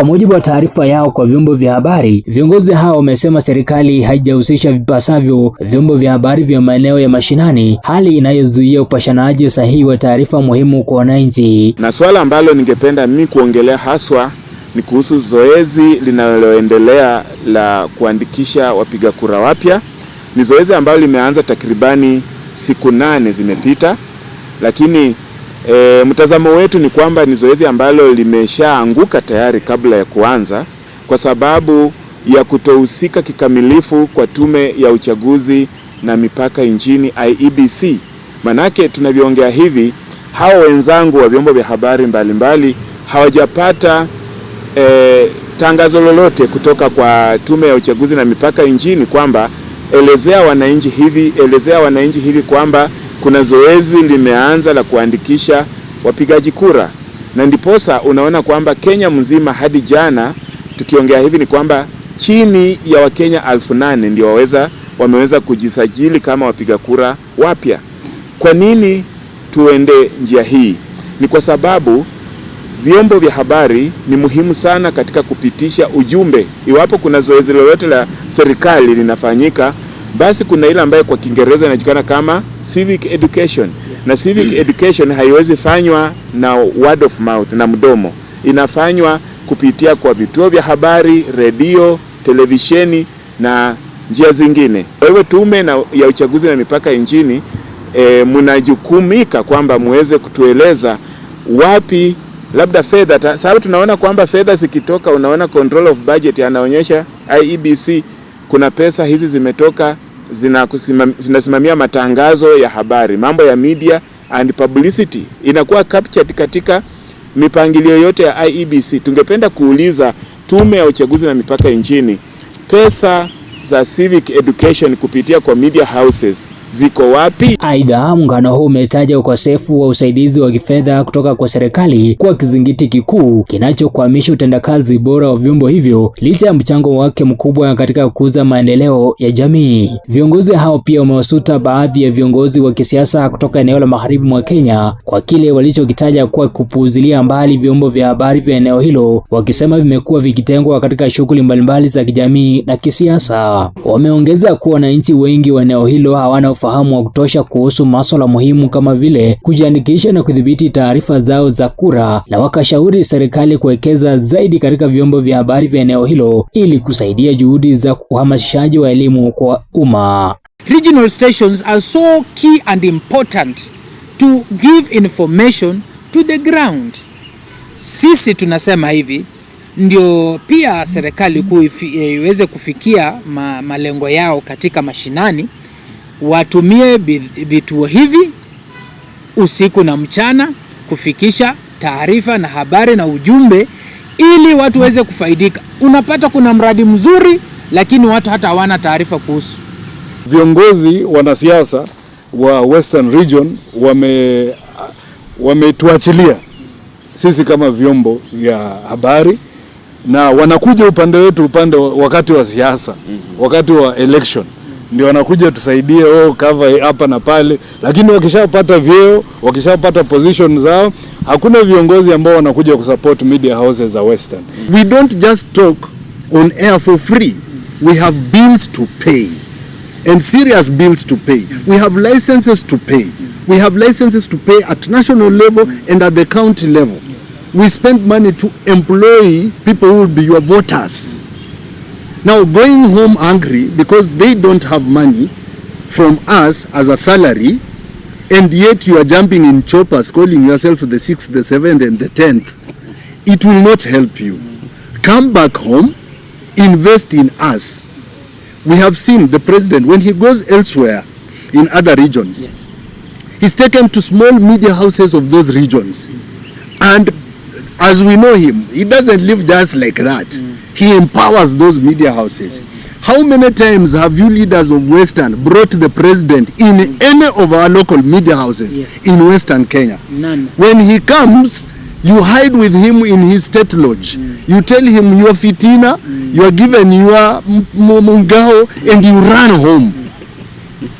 Kwa mujibu wa taarifa yao kwa vyombo vya habari, viongozi hao wamesema serikali haijahusisha vipasavyo vyombo vya habari vya maeneo ya mashinani, hali inayozuia upashanaji sahihi wa taarifa muhimu kwa wananchi. Na swala ambalo ningependa mimi kuongelea haswa ni kuhusu zoezi linaloendelea la kuandikisha wapiga kura wapya. Ni zoezi ambalo limeanza takribani siku nane zimepita, lakini E, mtazamo wetu ni kwamba ni zoezi ambalo limeshaanguka tayari kabla ya kuanza kwa sababu ya kutohusika kikamilifu kwa Tume ya Uchaguzi na Mipaka nchini IEBC. Manake tunavyoongea hivi, hawa wenzangu wa vyombo vya habari mbalimbali hawajapata e, tangazo lolote kutoka kwa Tume ya Uchaguzi na Mipaka nchini kwamba elezea wananchi hivi, elezea wananchi hivi kwamba kuna zoezi limeanza la kuandikisha wapigaji kura, na ndiposa unaona kwamba Kenya mzima hadi jana tukiongea hivi ni kwamba chini ya Wakenya elfu nane ndio waweza wameweza kujisajili kama wapiga kura wapya. Kwa nini tuende njia hii? Ni kwa sababu vyombo vya habari ni muhimu sana katika kupitisha ujumbe. Iwapo kuna zoezi lolote la serikali linafanyika basi kuna ile ambayo kwa Kiingereza inajulikana kama civic education yeah. Na civic mm. education haiwezi fanywa na word of mouth na mdomo, inafanywa kupitia kwa vituo vya habari, redio, televisheni na njia zingine. Kwa hivyo tume na, ya uchaguzi na mipaka nchini e, mnajukumika kwamba muweze kutueleza wapi labda fedha, sababu tunaona kwamba fedha zikitoka, unaona control of budget anaonyesha IEBC kuna pesa hizi zimetoka zinasimamia matangazo ya habari, mambo ya media and publicity inakuwa captured katika mipangilio yote ya IEBC. Tungependa kuuliza Tume ya Uchaguzi na Mipaka nchini, pesa za civic education kupitia kwa media houses ziko wapi? Aidha, muungano huu umetaja ukosefu wa usaidizi wa kifedha kutoka kwa serikali kuwa kizingiti kikuu kinachokwamisha utendakazi bora wa vyombo hivyo licha ya mchango wake mkubwa katika kukuza maendeleo ya jamii. Viongozi hao pia wamewasuta baadhi ya viongozi wa kisiasa kutoka eneo la magharibi mwa Kenya kwa kile walichokitaja kuwa kupuuzilia mbali vyombo vya habari vya eneo hilo, wakisema vimekuwa vikitengwa katika shughuli mbalimbali za kijamii na kisiasa. Wameongeza kuwa wananchi wengi wa eneo hilo hawana ufahamu wa kutosha kuhusu masuala muhimu kama vile kujiandikisha na kudhibiti taarifa zao za kura, na wakashauri serikali kuwekeza zaidi katika vyombo vya habari vya eneo hilo ili kusaidia juhudi za uhamasishaji wa elimu kwa umma. Regional stations are so key and important to give information to the ground. Sisi tunasema hivi ndio pia serikali kuu iweze kufikia ma, malengo yao katika mashinani watumie vituo hivi usiku na mchana kufikisha taarifa na habari na ujumbe ili watu waweze kufaidika. Unapata kuna mradi mzuri, lakini watu hata hawana taarifa kuhusu. Viongozi wanasiasa wa Western Region wame wametuachilia sisi kama vyombo vya habari na wanakuja upande wetu upande wakati wa siasa, wakati wa election ndio wanakuja tusaidie, oh, cover hapa na pale, lakini wakishapata vyeo, wakishapata position zao, hakuna viongozi ambao wanakuja kusupport media houses za Western. We don't just talk on air for free, we have bills to pay and serious bills to pay. We have licenses to pay. We have licenses to pay at national level and at the county level. We spend money to employ people who will be your voters. Now going home angry because they don't have money from us as a salary and yet you are jumping in choppers calling yourself the sixth, the seventh and the tenth. It will not help you. Come back home, invest in us. We have seen the president when he goes elsewhere in other regions. Yes. He's taken to small media houses of those regions. And as we know him, he doesn't live just like that. Mm. He empowers those media houses. How many times have you leaders of Western brought the president in mm. any of our local media houses yes. in Western Kenya? None. When he comes, you hide with him in his state lodge. Mm. You tell him you are fitina, mm. you are given your mungao, mm. and you run home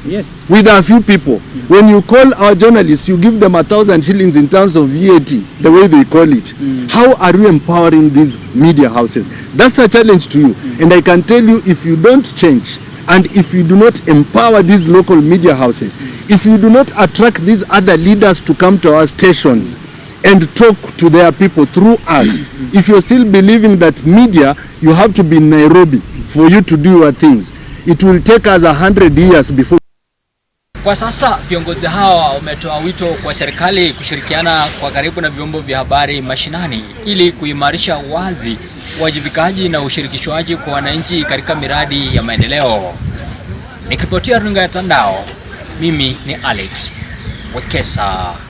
yes. with a few people mm. when you call our journalists you give them a thousand shillings in terms of VAT the way they call it mm. how are you empowering these media houses that's a challenge to you mm. and I can tell you if you don't change and if you do not empower these local media houses if you do not attract these other leaders to come to our stations and talk to their people through us mm-hmm. if you're still believing that media you have to be in Nairobi for you to do your things it will take us 100 years before. Kwa sasa viongozi hawa wametoa wito kwa serikali kushirikiana kwa karibu na vyombo vya habari mashinani ili kuimarisha wazi uwajibikaji na ushirikishwaji kwa wananchi katika miradi ya maendeleo. Nikiripotia runinga ya Tandao, mimi ni Alex Wekesa.